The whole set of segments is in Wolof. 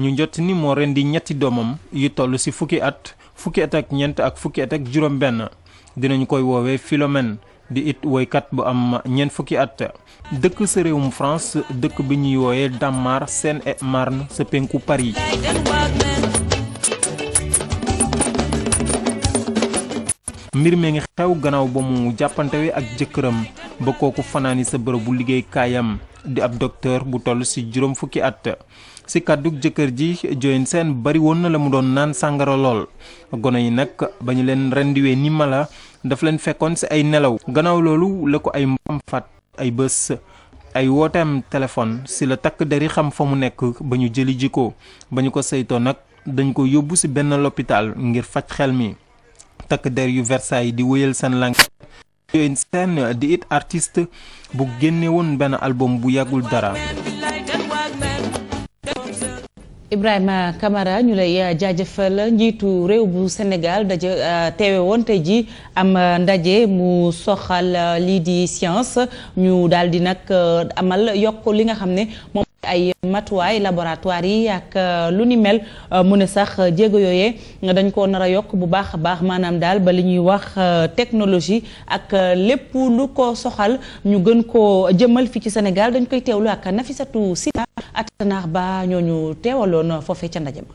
ñu jot ni mo ren di ñetti domam yu tollu ci fukki at fukki at ak ñent ak fukki at ak juroom benn dinañ koy woowee philomène di it kat bu am ñen fukki at dëkk sa réewum france dëkk bi ñuy wooyee damar sen et marne sa penku paris mbir mi ngi xew gannaaw ba mu jàppantewe ak jëkkëram ba kooku fanaani sa bërëbu liggéey kaayam di ab docteur bu toll ci juróom fukki at ci kaddu jëkër ji Diojine sen bari won na la mu doon naan sangara lol gone yi nak bañu len leen rendiwee ni mala daf len fekkon ci ay nelaw gannaaw lolou la ko ay mbam fat ay bëss ay wotam téléphone ci la tak dari xam fa mu nekk bañu jëli jiko bañu ko seyto nak dañ ko yobbu ci ben ngir fajj xel mi tak der yu Versailles di wéyal sen lànk Diojine Sène di it artiste bu génné won ben album bu yagul dara Ibrahima Camara ñu lay uh, jaajëfal njiitu réew bu Sénégal daje uh, teewe woon ji am uh, ndaje mu soxal lii di science ñu daal di nag amal yokk li nga xam ne moom ay matuwaay laboratoire yi ak euh, lu ni mel euh, mu ne sax euh, jéego yooyee dañ ko nara a bu baax a baax maanaam daal ba li ñuy wax technologie ak lepp lu ko soxal ñu gën ko jëmal fi ci Sénégal dañ koy teewlu ak Nafissatou Sina Atanaax Ba ñooñu teewaloon fofé ci ndaje ma.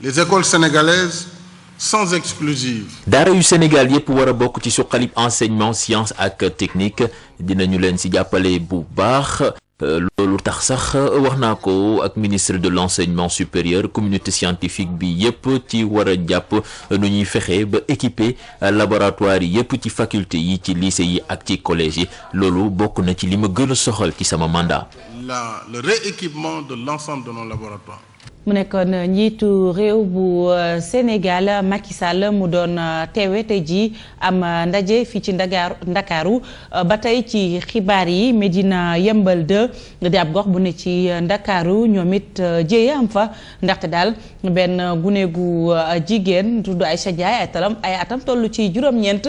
Les écoles sénégalaises sans exclusive. dara yu Sénégal yépp wara bok ci suqalib enseignement science ak technique dinañu leen ci jappalé bu baax. Euh, lolu tax sax euh, waxnako ak ministre de l'enseignement supérieur communauté scientifique bi yep ci wara a nu ba équiper euh, laboratoire yep ci faculté yi ci lycée yi ak ci collège yi lolu bokku na ci lima sama mandat. le rééquipement de l'ensemble de nos laboratoires. mu nekkoon euh, njiitu réew bu euh, Sénégal Macky mu doon euh, teewete tey jii am ndaje fii ci ndakaaru ndakaaru ba tey ci xibaar yi Médina Yëmbal 2 di ab gox bu ne ci ndakaaru ñoom it jéye am fa ndaxte daal benn gune gu jigéen tudd Aïcha Ndiaye ay talam ay atam toll ci juróom-ñeent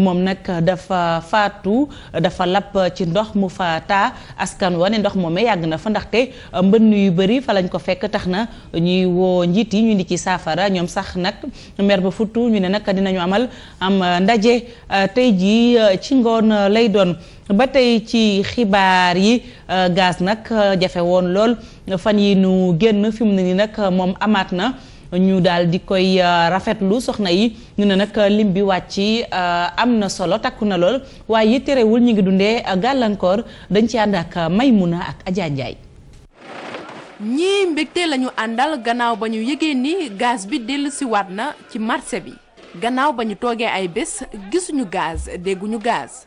moom nag dafa faatu dafa lapp ci ndox mu fa taa askan wa ne ndox moomee yàgg na fa ndaxte mbënn yu bëri fa lañ ko fekk tax na ñuy woo njiit yi ñu ndi ci saafara ñoom sax nag mer ba futtu ñu ne nag dinañu amal am euh, ndaje euh, tey jii euh, ci ngoon lay doon ba tey ci xibaar yi gaz nag jafe woon lool fan yi nu génn fi mu ne ni nag moom amaat na ñu daal di koy rafetlu soxna yi ñu ne nag lim bi wàcc am na solo takku na lool waaye terewul ñu ngi dundee gàllankoor dañ ci ànd ak Maymuna ak Adja ñii mbégte la ñu àndal gannaaw ba ñu yëgee ni gaz bi dellusiwaat na ci marché bi gannaaw ba ñu toogee ay bés gisuñu gaz dégguñu gaz.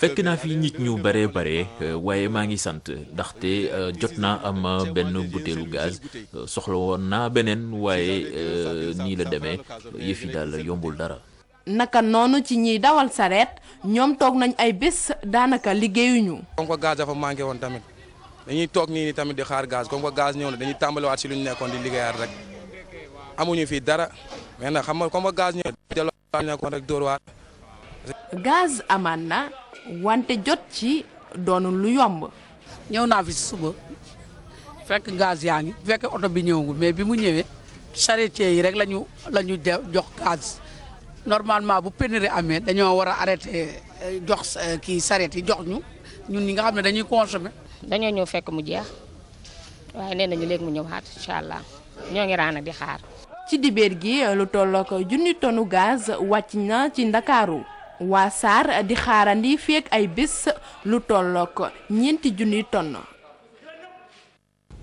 fekk naa fi nit ñu bare bare euh, waaye maa ngi sant ndaxte euh, jot na am benn butéelu gaz euh, soxla woon naa beneen waaye nii la deme yëf yi daal yombul dara. naka noonu ci ñiy dawal sareet ñoom toog nañ ay bés daanaka liggéeyuñu. kon ko gaz dafa manqué woon tamit. dañuy toog nii ni tamit di xaar gaz comme que gaz ñëw na dañuy tàmbaliwaat si lu ñu nekkoon di liggéeyaat rek amuñu fii dara mais na xam nga comme que gaz ñëw na nekkoon rek dóor waat amaan na wante jot ci doonul lu yomb. ñëw naa fi si fekk gaz yaa ngi fekk oto bi ñëwagul mais bi mu ñëwee charretier yi rek lañu la ñu jox gaz normalement bu pénurie amee dañoo war a arrêté eh, jox eh, kii charrette yi jox ñun ñi nga xam ne dañuy consommer. dañoo ñëw fekk mu jeex waaye nee nañu léegi mu ñëwaat incha allah ñoo ngi raan di xaar. ci dibeer gi lu tollook junni tonu gaz wàcc na ci ndakaaru waa SAR di xaarandi feek ay bés lu tollook ñeenti junni tonn.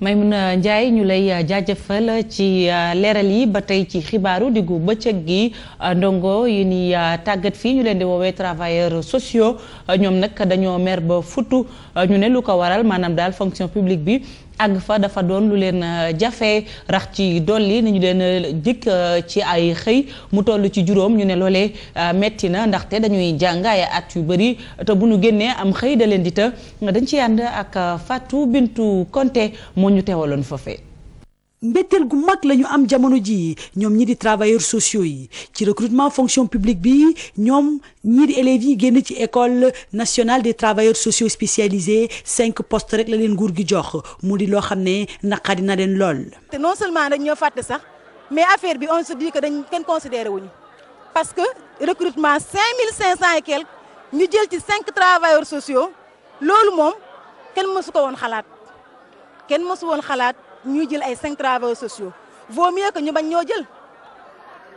Maimouna Ndiaye ñu lay jaajëfal ci euh, leral yi ba tey ci xibaaru diggu bëccëg gi euh, ndongo yi ni euh, tàggat fii ñu leen di woowee travailleurs sociaux ñoom nag dañoo mer ba futu ñu ne lu ko waral maanaam daal fonction publique bi àgg fa dafa doon lu leen euh, jafe rax ci dolli ni ñu leen euh, dikk euh, ci ay xëy mu toll ci juróom ñu ne loolee metti na ndaxte dañuy jàng at yu bëri te bu ñu génnee am xëy da leen di të dañ ci ànd ak Fatou bintu Konté moo ñu teewaloon foofee mbettel gu mag la am jamono ji ñom ñi travailleurs sociaux yi ci recrutement fonction publique bi ñom ñi di élèves yi génn ci école nationale des travailleurs sociaux spécialisés cinq postes rek la leen nguur gi jox mu di loo xam leen non seulement nous ñoo faté sax mais affaire bi on se dit que dañ ken considéré parce que recrutement 5500 et quelques nous jël ci cinq travailleurs sociaux loolu moom kenn mësu ko woon xalaat kenn mësu woon xalaat ñuy jël ay cinq travailleurs sociaux vaut mieux que ñu bañ ñoo jël.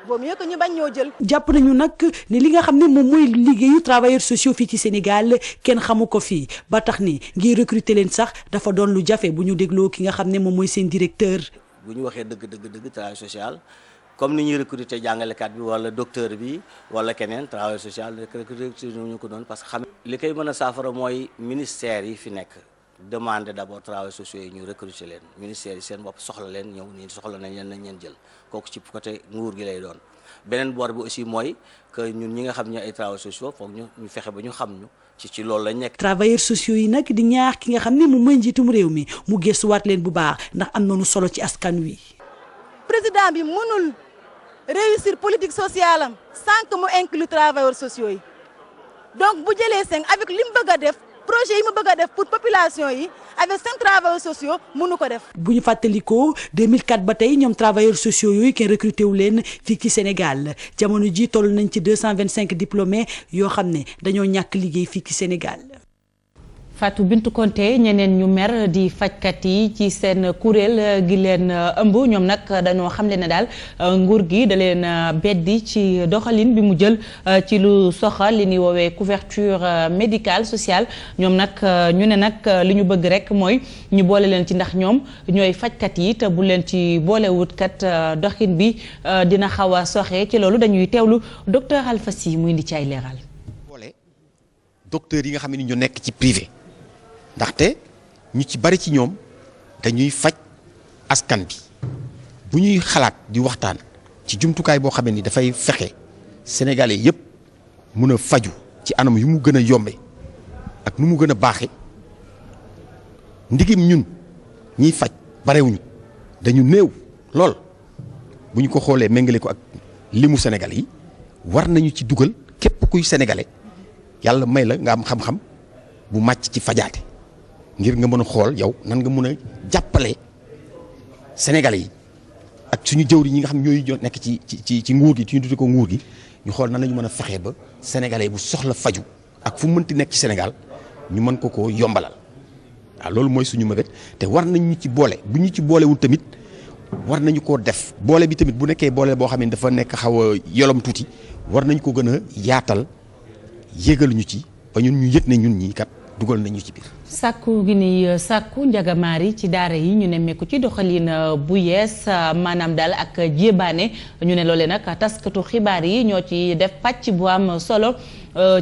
vaut mieux que ñu bañ ñoo jël. jàpp nañu nag ni li nga xam ne moom mooy liggéeyu travailleurs sociaux fii ci Sénégal kenn xamu ko fii ba tax ni ngir recruter leen sax dafa doon lu jafe bu ñu dégloo ki nga xam ne moom mooy seen directeur. bu ñu waxee dëgg dëgg travail social comme ni ñuy recruter jàngalekat bi wala docteur bi wala keneen travail social recruter ñu ko doon parce que xam. li koy mën a saafara mooy ministère yi fi nekk. demandé d'abord travailleurs sociaux yi ñu recruter leen ministère yi seen bopp soxla leen ñëw nii soxla nañ leen nañ leen jël kooku ci côté nguur gi lay doon beneen boor bi aussi mooy que ñun ñi nga xam ñu ay travailleurs sociaux foog ñu ñu fexe ba ñu xam ñu ci lool loolu lañ nekk. travailleurs sociaux yi nag di ñaax ki nga xam ne mu mën njiitum réew mi mu gëstuwaat leen bu baax ndax am na nañu solo ci askan wi. président bi mënul réussir politique sociale am sans que mu inclure travailleurs sociaux yi donc bu jëlee seen projet yi mu bëgg a def pour population yi avec seen travailleurs sociaux mënu ko def. bu ñu fàttalikoo 2004 ba tey ñoom travailleurs sociaux yooyu kenn recruté wu leen fii ci Sénégal jamono ji toll nañ ci deux cent vingt 225 diplômés yoo xam ne dañoo ñàkk liggéey fii ci Sénégal. Fatou bintu Konté ñeneen ñu mer di fajkat yi ci seen kuréel euh, gi leen euh, ëmb ñoom nag dañoo xamle ne daal euh, nguur gi da leen beddi ci doxalin bi mu jël ci lu soxal li ñuy woowee couverture médical social ñoom nag ñu ne nag li ñu bëgg rek mooy ñu boole leen ci ndax ñoom ñooy fajkat yi te bu leen ci boolewutkat kat doxin bi dina xaw a soxe ci loolu dañuy teewlu docteur Alpha yi muy indi ci ay leeral. yi nga xam ne ñu nekk ci privé. ndaxte ñu ci bari ci ñoom dañuy faj askan bi bu ñuy xalaat di waxtaan ci jumtukaay boo xamee ni dafay fexe sénégalais yépp mun a faju ci anam yu mu gën a yombe ak nu mu gën a baaxe ndigim ñun ñiy faj barewuñu dañu néew lool bu ñu ko xoolee méngale ko ak limu Sénégal yi war nañu ci dugal képp kuy sénégalais yàlla may la nga am xam-xam bu màcc ci fajaate ngir nga mën a xool yow nan nga mën a jàppale Sénégalais yi ak suñu jëwri ñi nga xam ñooy nekk ci ci ci nguur gi ci ñu tudde ko nguur gi ñu xool nan lañu mën a fexee ba Sénégalais bu soxla faju ak fu mënti nekk ci senegal ñu mën ko ko yombalal waaw loolu mooy suñu mëbét te war nañ ñu ci boole bu ñu ci boolewul tamit war nañu koo def boole bi tamit bu nekkee boole boo xam ne dafa nekk xaw a yolom tuuti war nañ ko gën a yaatal yégal ñu ci ba ñun ñu yëg ne ñun ñii kat. dugal nañu ci biir. sàkku gi ni euh, sàkku njagamaar yi ci daara yi ñu ne mekku ci doxalin euh, bu yees euh, maanaam daal ak jébaane ñu ne loole nag taskatu xibaar yi ñoo ci def pàcc bu am solo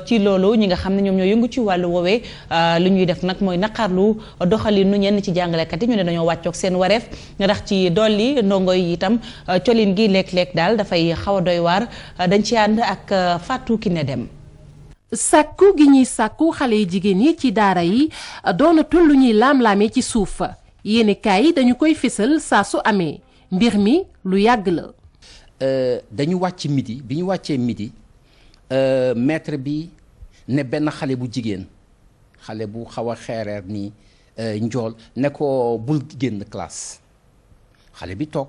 ci loolu ñi nga xam ne ñoom ñoo yëngu ci wàllu woowee lu ñuy def nag mooy naqarlu lu ñenn ci jàngalekat yi ñu ne dañoo wàccook seen wareef ndax ci dolli ndongo yi itam colin gi léeg-léeg daal dafay xaw a doy waar dañ ci ànd ak Fatou ne dem sàkku gi ñuy sàkku xale yu jigéen yi ci daara yi doonatul lu ñuy laam-laamee ci suuf yéenekaay yi dañu koy fésal saa su amee mbir mi lu yàgg la. Euh, dañu wàcc midi bi ñu wàccee midi euh, maître bi ne benn xale bu jigéen xale bu xaw a xeereer ni euh, njool ne ko bul génn classe xale bi toog.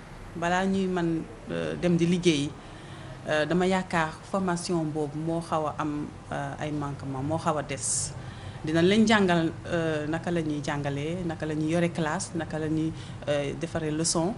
balaa ñuy man euh, dem di liggéey euh, dama yaakaar formation boobu moo xaw a am euh, ay manquement moo xaw a des dina leen jàngal naka la ñuy jàngalee naka la ñuy yore classe naka la ñuy defaree leçon